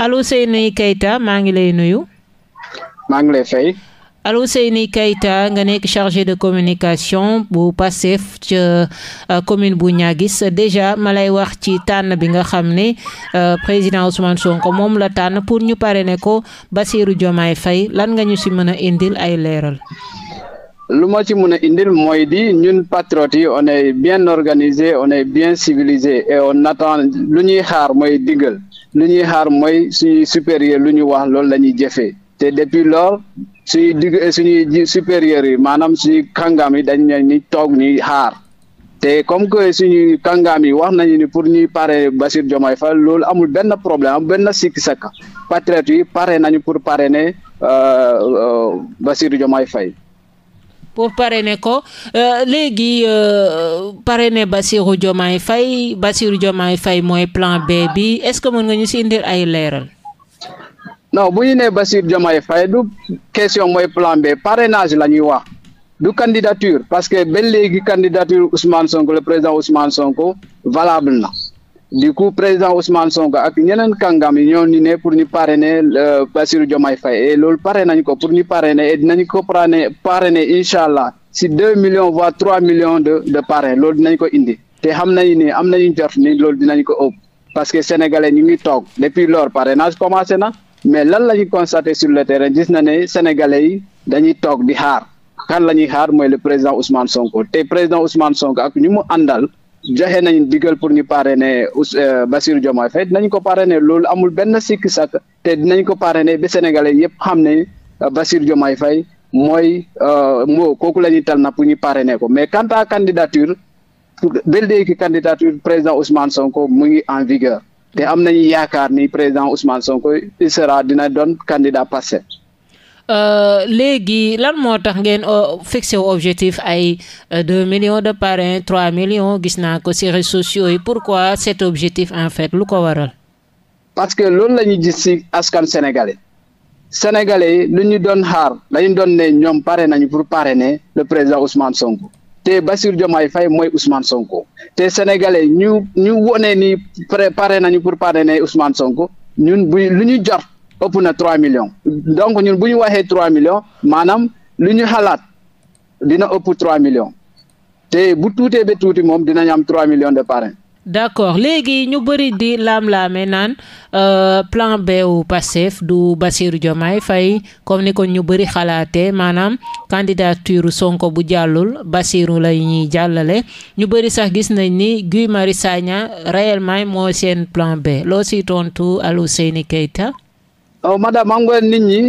Alousseyni Keita maa ngi lay nuyu. maa ngi lay fay. Alousseyni Keita nga nekk chargé de communication bu Pastef ca euh, commune bu Niaguis déjà ma lay wax ci tànn bi nga xam ne euh, président Ousmane Sonko moom la tànn pour ñu parrainer ko Bassirou Diomaye Faye lan nga ñu si mën a indil ay leeral. lu ma ci mën a indil mooy di ñun patriotes yi on est bien organisé on bien civilisé et on attend lu ñuy xaar mooy diggal. lu ñuy xaar mooy si supérieur lu ñu wax loolu la ñuy te depuis lool si digg suñuy supérieurs yi maanaam si kàngaam yi dañ ñi toog ñuy xaar te comme que suñu kàngaam yi wax nañu ni pour ñuy pare Bassirou Diomaye fa loolu amul benn problème amul benn sikki sakka patriote yi pare nañu pour pare ne euh, euh, Bassirou Diomaye fay pour parrainer ko euh, léegi euh, parrainer Bassirou Diomaye Faye Bassirou Diomaye fay mooy plan B bi est-ce que mën nga si indil ay leeral. non bu ñu nee Bassirou Diomaye Faye du question mooy plan B parrainage la ñuy wax du candidature parce que ben léegi candidature Ousmane Sonko le président Ousmane Sonko valable na. du coup président Ousmane Sonko ak ñeneen kàngam yi ñoo ni ne pour ñu parrainer euh, Bassirou Diomaye Faye et loolu pare nañ ko pour ñu parrainer et dinañ ko parrainer parrainer incha allah si deux millions voire trois millions de de parrain loolu dinañ ko indi te xam nañu ni am nañu jot ni loolu dinañ ko ëpp parce que sénégalais ñu ngi toog depuis lors parrainage commencé na mais lan la ñuy constaté sur le terrain gis na ne sénégalais yi dañuy toog di xaar kan la ñuy xaar mooy le président Ousmane Sonko te président Ousmane Sonko ak ñu mu àndal. joxe nañu digal pour ñu parrainer euh, basir Diomaye Faye dinañ ko parrainer loolu amul benn sikki sàkk te dinañ ko parrainer ba sénégalais yëpp xam ne euh, basir Diomaye fay mooy euh, moo kooku la ñuy tal na pour ñu parrainer ko mais quant à candidature ba léegi candidature président Ousmane Sonko mu ngi en vigueur te am nañu yaakaar ni président Ousmane Sonko il sera dina doon candidat Pastef Euh, léegi lan moo tax ngeen euh, fixé wu objectif ay euh, deux millions de parrains trois millions gis naa ko ci réseaux yi yi pourquoi cet objectif en fait lu ko waral. parce que loolu la ñu gis ci askan sénégalais sénégalais lu ñu doon xaar lañu doon ne ñoom pare nañu pour parrainer le président Ousmane Sonko te Bassirou ay fay mooy usman Sonko te sénégalais ñu ñu wone ni pare nañu pour parrainer Ousmane Sonko ñun bu lu ñu jot ëpp na trois millions donc ñun bu ñu waxee trois millions maanaam lu ñu xalaat dina ëpp trois millions te bu tuutee ba tuuti moom dinañ am trois millions de parrains. d'accord léegi ñu bëri di laam-laame naan euh, plan B wu Pastef du Bassirou Diomaye fay comme ni ko ñu bëri xalaatee maanaam candidature Sonko bu jàllul Bassirou lay ñuy jàllale ñu bëri sax gis nañ ni Guy Marius Sagna réellement moo seen plan B loo si tontu Alioune Seyni Keita Oh, madame am nga nit ñi.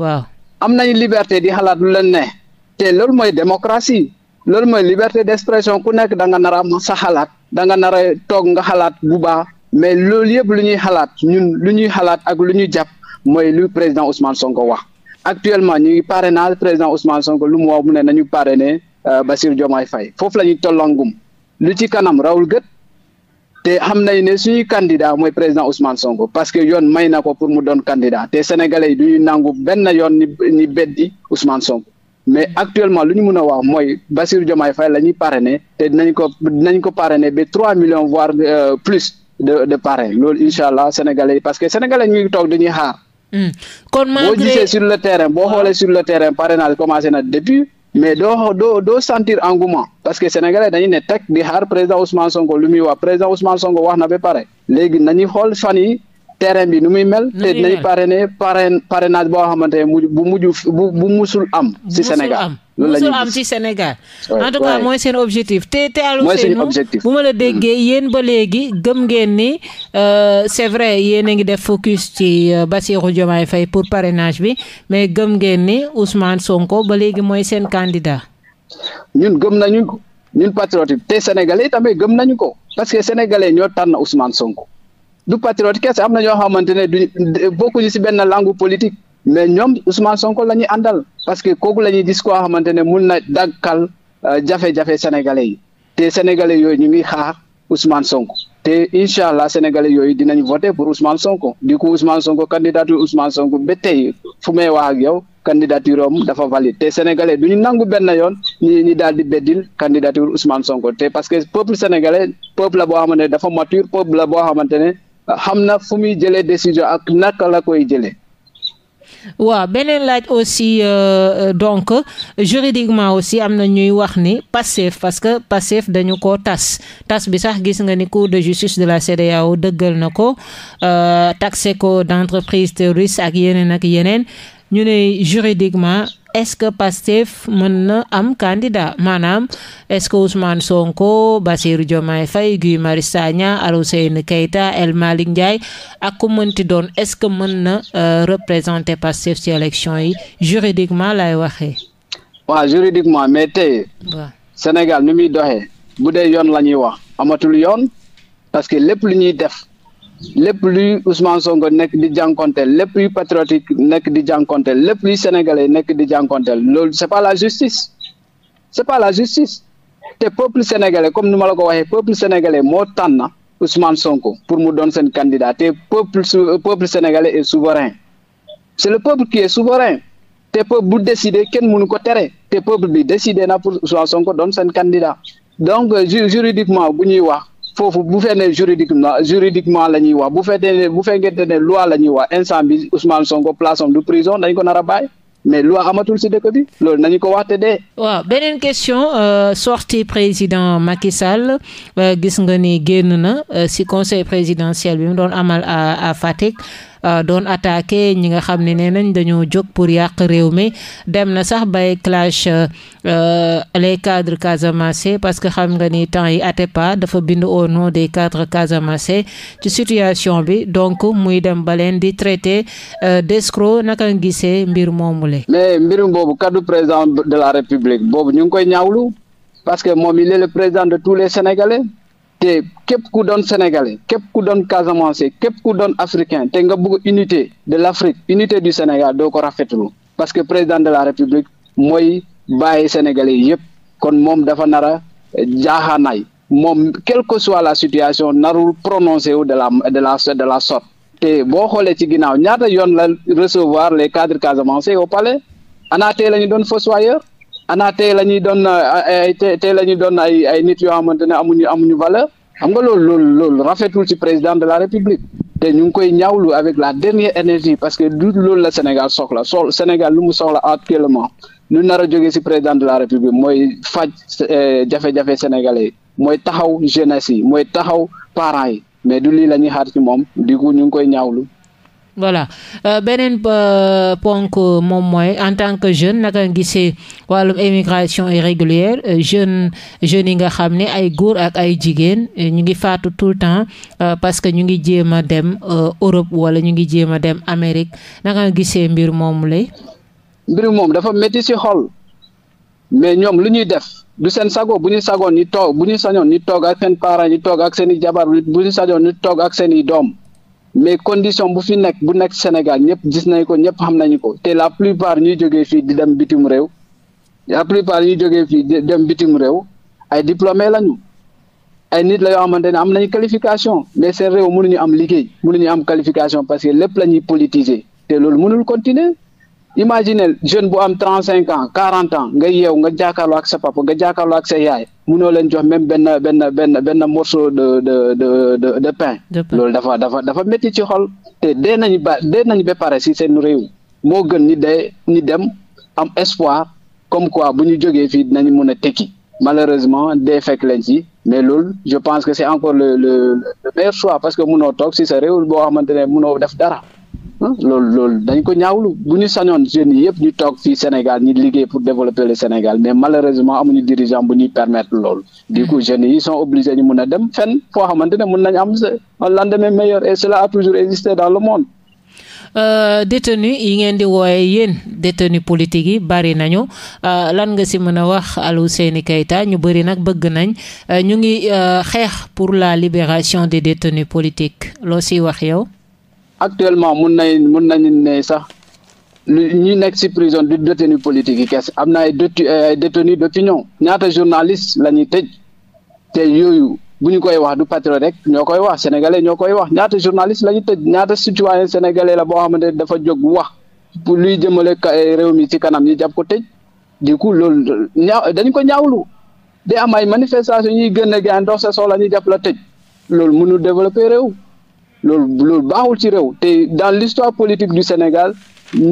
waaw am nañu liberté di xalaat lu leen ne te loolu mooy démocratie loolu mooy liberté d'expression ku nekk da nga nar a am sa xalaat da nga nar a toog nga xalaat bu baax mais loolu yëpp lu ñuy xalaat ñun lu ñuy xalaat ak lu ñuy jàpp mooy lu président Ousmane Sonko wax actuellement ñu pare na président Ousmane Sonko lu mu wax mu ne nañu pare ne parrainer euh, Bassirou Diomaye Faye foofu la ñuy tollangum lu ci kanam rawul gët. te xam nañ ne suñu candidat mooy président Ousmane Sonko parce que yoon may na ko pour mu doon candidat te sénégalais yi du ñu nangu benn yoon ni ni beddi Ousmane Sonko mais actuellement lu ñu mën a wax mooy Bassirou Diomaye Faye la ñuy parrainé te dinañ ko dinañ ko parrainé ba trois millions voire euh, plus de de parrain loolu incha allah yi parce que sénégalais ñu ngi toog dañuy xaar. Hmm. kon malgré boo gisee sur le terrain boo ah. xoolee sur le terrain parrainage commencé na depuis. mais doo doo doo sentir engouement parce que sénégalais dañu ne teg di xaar président Ousmane Sonko lu muy wax président Ousmane songo wax na ba pare léegi nañu xool fan yi terrain bi nu muy mel te nañu parrainé parrain parrainage boo xamante ne bu mujj bu musul am si Sénégal loolu la ñuy am ci Sénégal. en mooy seen objectif te te Alioune Seynou bu ma la mm. déggee yéen ba léegi gëm ngeen ni euh, c'est vrai yéen a ngi def focus ci euh, Bassirou Diomaye fay pour parenage bi mais gëm ngeen ni Ousmane Sonko ba léegi mooy seen candidat. ñun gëm nañu ko ñun patriote te sénégalais tamit gëm nañu ko parce que sénégalais ñoo tànn Ousmane Sonko du patriote kese am na ñoo xamante ne du bokkuñu si benn langue politique. mais ñoom Ousmane Sonko la ñuy àndal parce que kooku la ñuy gis koo xamante ne mun na dàkkal euh, jafe-jafe sénégalais yi te sénégalais yooyu ñu ngi xaar Ousmane sonk te incha allah sénégalais yooyu dinañu voté pour Ousmane Sonko du coup Ousmane Sonko candidature Ousmane Sonko ba tey fu may wax ak yow candidature am dafa valide te sénégalais du ñu nangu benn yoon ñi ñi daal di beddil candidature Ousmane Sonko te parce que peuple sénégalais peuple la boo xamante ne dafa mature peuple la boo xamante ne xam na fu muy jëlee décision ak naka la koy jëlee. waaw beneen laaj aussi euh, euh, donc juridiquement aussi am na ñuy wax ni Pastef parce que Pastef dañu ko tas tas bi sax gis nga ni cour de justice de la CEDEAO dëggal na ko euh, taxé ko d'entreprise terroriste ak yeneen ak yeneen ñu ne juridiquement est-ce que Pastef mën na am candidat maanaam est-ce que Ousmane Sonko Bassirou Diomaye Faye Guy Marius Sagna Alioune Keita El Malick Ndiaye ak ku mënti doon est-ce que mën na euh, représenter Pastef ci élection yi juridiquement lay waxee. waaw juridiquement mais tey. Sénégal nu muy doxee bu dee yoon lañuy wax amatul yoon parce que lépp lu ñuy def. lépp luy Ousmane Sonko nekk di jànkonteel lépp luy patriotique nekk di jànkonteel lépp luy sénégalais nekk di jànkonteel loolu c'est pas la justice c'est la justice te peuple sénégale comme ni ma la ko waxee peuple sénégalais moo tànn Ousmane Sonko pour mu doon sen candidat te peuple peuple sénégalais est souverain le peuple qui est souverain te peuple bu décider kenn mënu ko tere te peuple bi décider na pour Ousmane Sonko doon seen candidat donc juridiquement bu ñuy wax. foofu bu fekkee ne juridiquement juridiquement la ñuy wax bu fekkee ne bu wax instant bi Ousmane Sonko place prison dañ ko nar a mais loi amatul si dëkk bi loolu nañu ko waxte dee. waaw beneen question euh, sortie président Macky euh, gis nga ni génn na si euh, conseil présidentiel bi mu doon amal à à Euh, doon attaqué ñi nga xam ne nee nañ dañoo jóg pour yàq réew mi dem na sax bay clash euh, les cadres casamançais parce que xam nga ni temps yi Atepa dafa bind au nom des cadres casamançais ci situation bi donc muy dem ba leen di traité euh, d'escroc naka nga gisee mbir moomule. mais mbirum boobu kaddu président de la république boobu ñu ngi koy ñaawlu parce que moom il est le président de tous les sénégalais. te képp ku doon sénégalais képp ku doon Casamance képp ku doon africain te nga bëgg unité de l'Afrique unité du Sénégal doo ko rafetlu parce que président de la République mooy bàyyi sénégalais yépp kon moom dafa nar a jaaxaanaay moom quelle que soit la situation narul prononcé wu de la de la de la sorte te boo xoole ci ginnaaw ñaata yoon la recevoir les cadres Casamance au palais anaatee la ñu doon fossoyeur ana tey la ñuy doon ay eh, eh, tey la ñuy doon ay ay nit yoo xamante ne amuñu amuñu valeur xam nga loolu loolu loolu rafetul ci président de la république te ñu ngi koy ñaawlu avec la dernière énergie parce que du loolu la Sénégal soxla soxla Sénégal lu mu soxla actuellement ñu nar a jógee ci président de la république mooy faj eh, jafe-jafe sénégalais yi mooy taxaw jeunesse yi mooy taxaw parents yi mais du lii la ñuy xaar ci moom di ñu ngi koy ñaawlu. voilà euh, beneen euh, ponk moom mooy en tant que jeune naka nga gisee wàllum émigration irrégulière euh, jeune jeunes yi nga xam ni ay góor ak ay jigéen ñu ngi faatu tout le temps parce que ñu ngi jéem a dem Europe wala ñu ngi jéem a dem Amérique naka nga gisee mbir moomu lay. mbir moom dafa métti ci xol mais ñoom lu ñuy def du seen sago bu ñu sagoon ñu toog bu ñu sañoon ñu toog ak seen parents ñu toog ak seen i jabar bu ñu sañoon ñu toog ak seen i doom. mais condition bu fi nekk bu nekk Sénégal ñëpp gis nañ ko ñëpp xam nañu ko te la plupart ñuy jógee fii di dem bitim réew la plupart ñuy jógee fii dem bitim réew ay diplômé lañu ay nit la yoo ne am nañu qualification mais seen réew ñu am liggéey ñu am qualification parce que lépp la ñuy politiser te loolu mënul continuer imaginel jeune bu am trente cinq ans quarante ans nga yeew nga jàkkaarloo ak sa papa nga jàkkaarloo ak sa yaay munoo leen jox même benn benn benn benn morceau de de de de de pain. loolu dafa dafa dafa métti ci xol te dee nañu ba dee nañu ba pare si seen réew moo gën ñi dee ñi dem am espoir comme quoi bu ñu jógee fii dinañ mun a tekki malheureusement dee fekk leen ci mais loolu je pense que c'est encore le le le meilleur choix parce que munoo toog si sa réew boo xamante ne noo def dara. loolu loolu dañ ko ñaawlu bu ñu sañoon jeunes yi yëpp ñu toog fii Sénégal ñu liggéey pour développer le Sénégal mais malheureusement amuñu dirigeant bu ñuy permettre lool du coup jeunes yi sont obligés ñu mun a dem fenn foo xamante ne mun nañ am un lendemain meilleur et cela a toujours existé dans le monde euh, détenu yi ngeen di wooye yéen détenu politique yi bari nañu euh, lan nga si mën a wax Aliou seeni Keita ñu bari nag bëgg nañ euh, ñu euh, ngi xeex pour la libération des détenus politiques loo ciy wax yow actuellement mun nañ mun nañu ne sax ñi nekk si prison du détenu politique yi kese am na ay détenu d'opinion ñaata journaliste la ñuy tëj te yooyu bu ñu koy wax du patriote rek ñoo koy wax sénégalais ñoo koy wax ñaata journaliste la ñuy tëj ñaata citoyen sénégalais la boo xamante dafa jóg wax pour luy jëmale eh, réew mi ci kanam ñi jàpp ko tëj du coup loolu ñaaw dañ ko ñaawlu day am ay manifestation ñuy gën a gaan dox sa soxla ñu jàpp la tëj loolu munu développer réew loolu loolu baaxul ci réew te dans l'histoire politique du Sénégal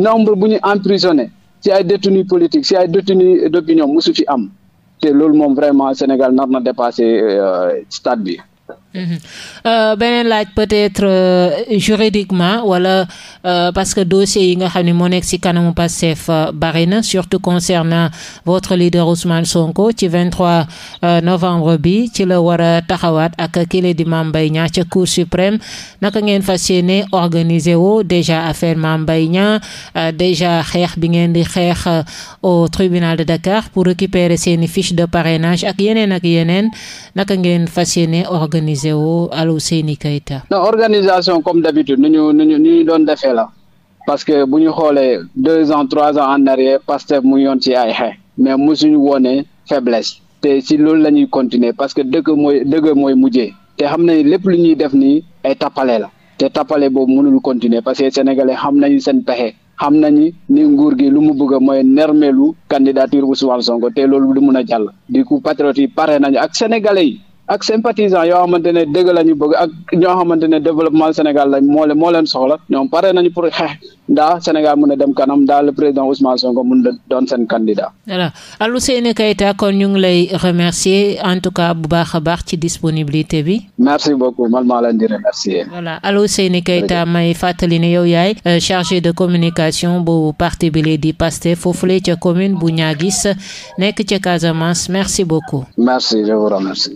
nombre bu ñu emprisonné ci ay détenus politique ci ay détenus d'opinion musu am te loolu moom vraiment Sénégal nar na dépassé euh, stade bi Euh, beneen laaj peut-être euh, juridiquement wala euh, parce que dossier yi nga xam ni moo nekk ci kanamu Pastef bari na surtout concernant votre leader Ousmane Sonko ci 23 novembre bi ci la war a taxawaat ak kile di Mame Mbaye Niang ca Cour suprême naka ngeen fas yéene organiser wo déjà affaire Mame Mbaye Niang déjà xeex bi ngeen di xeex au tribunal de Dakar pour récupérer seeni fiche de parrainage ak yeneen ak yeneen naka ngeen fas yéene organiser basé wu Aliou Seyni organisation comme d'habitude nu ñu nu ñu nu doon defee la parce que bu ñu xoolee deux ans trois ans en arrière Pastef mu yoon ci ay xeex mais suñu woonee faiblesse te si loolu la ñuy continuer parce que dëgg mooy dëgg mujjee te xam nañ lépp lu ñuy def nii ay tappale la te tappale boobu mënul continuer parce que sénégalais xam nañu seen pexe xam nañu ni nguur gi lu mu bëgg mooy nermeelu candidature Ousmane songo te loolu du mun a jàll. du coup patriote yi pare nañu ak sénégalais yi ak sympathisant yoo xamante ne dëgg la ñu bëgg ak ñoo xamante ne développement Sénégal lañ moo leen moo leen soxla ñoom pare nañu pour xeex ndaa Sénégal mën a dem kanam ndaa le président Ousmane Sonko mun a doon seen candidat. voilà Alhousseyni Keita kon ñu ngi lay remercier en tout cas bu baax a baax ci disponibilité bi. merci beaucoup man maa leen di remercier. voilà Alhousseyni Keita may fàttali ne yow yaay euh, chargé de communication bu parti bi lay di Pastef foofule ca commune bu Niaguis nekk ca Casamance merci beaucoup. merci